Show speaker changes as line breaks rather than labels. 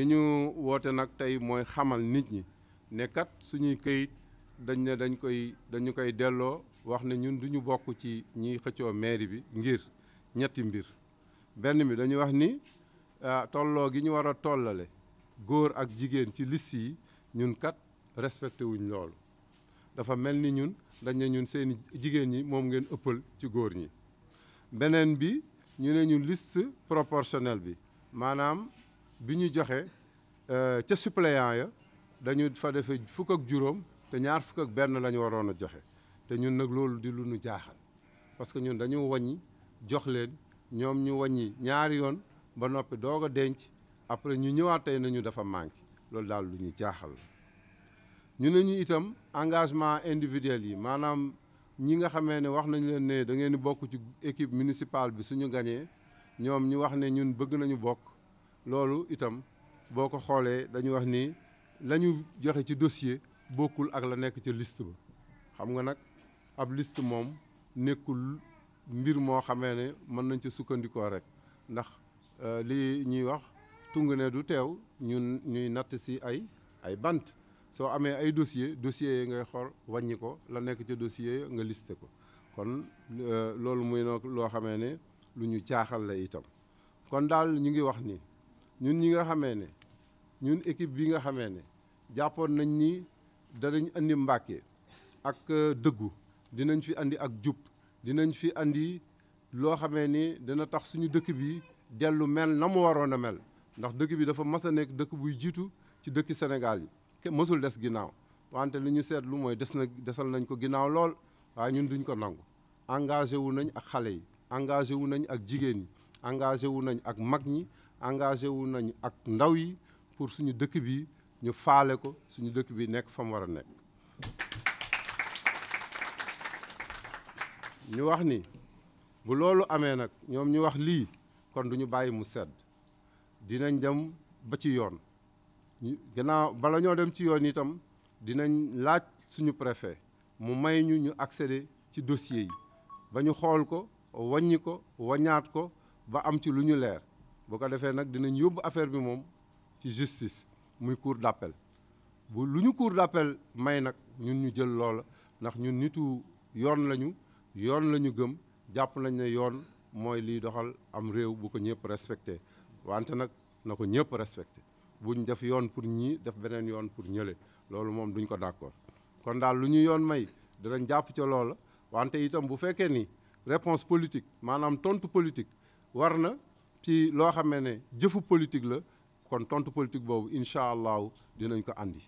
li ñu woote nag tey mooy xamal nit ñi ne kat suñuy këyit dañ ne dañ koy dañu koy delloo wax ne ñun duñu bokk ci ñiy xëccoo mairie bi ngir ñetti mbir benn bi dañu wax ni ah, tolloo gi ñu war a tollale góor ak jigéen ci liste yi ñun kat respecté wuñ loolu dafa mel ni ñun dañ ne ñun seeni jigéen ñi moom ngeen ëppal ci góor ñi beneen bi ñu ne ñun liste proportionnelle bi maanaam bi ñu joxe euh, ca suppléant ya dañu fa defee fukk ak juróom te ñaar fukk ak benn la ñu waroon a joxe te ñun nag loolu di lu ñu jaaxal parce que ñun dañu wàññi jox leen ñoom ñu waññi ñaari yoon ba noppi doog a denc après ñu ñëwaat tey nañu dafa manqué loolu daal lu ñu jaaxal ñu ne ñu itam engagement individuel yi maanaam ñi nga xamee ne wax nañu leen ne da ngeen di bokk ci équipe municipale bi suñu gañee ñoom ñu wax ne ñun bëgg nañu bokk. loolu itam boo ko xoolee dañu wax ni la ñu joxe ci dossier bokkul ak la nekk ca liste ba xam nga nag ab liste moom nekkul mbir moo xamee ne mën nañ ca sukkandikoo rek ndax euh, li ñuy wax tung ne du teew ñun ñuy natt si ay ay bant soo amee ay dossier dossiers yi ngay xool wàññi ko la nekk ca dossier nga listé ko kon euh, loolu muy nag loo xamee ne lu ñu jaaxal la itam kon daal ñu ngi wax ni ñun ñi nga xamee ne ñun équipe bi nga xamee ne jàppoon nañ ni danañ andi Mbàkke ak euh, dëggu dinañ fi andi ak jub dinañ fi andi loo xamee ni dana tax suñu dëkk bi dellu mel na mu waroon a mel ndax dëkk bi dafa mas nekk dëkk buy jiitu ci dëkki Sénégal yi ke mësul des ginnaaw wante li ñu seetlu mooy des na desal nañ ko ginnaaw lool waaye ñun duñ ko nangu engagé wu nañ ak xale yi engagé wu nañ ak jigéen ñi engagé wu nañ ak mag ñi engagé wu nañu ak ndaw yi pour suñu dëkk bi ñu faale ko suñu dëkk bi nekk fa mu war a nekk ñu wax ni bu loolu amee nag ñoom ñu wax lii kon duñu bàyyi mu sedd dinañ dem ba ci yoon gannaaw bala ñoo dem ci yoon itam dinañ laaj suñu préfet mu may ñu ñu accéder ci dossier yi ba ñu xool ko wàññi ko wàññaat ko ba am ci lu ñu leer boo ko defee nag dinañ yóbbu affaire bi moom ci justice muy cour d'appel bu lu ñu cour dàppel may nag ñun ñu jël loola ndax ñun nitu yoon lañu yoon lañu gëm jàpp nañ ne yoon mooy liy doxal am réew bu ko ñëpp respecté wante nag na ko ñëpp respecté buñ def yoon pour ñii def beneen yoon pour ñële loolu moom duñ ko d'accord kon daal lu ñuy yoon may danañ jàpp ca loola wante itam bu fekkee nii réponse politique maanaam tontu politique war na ci loo xam ne jëfu politique la kon tontu politique boobu incha allahu dinañ ko andi.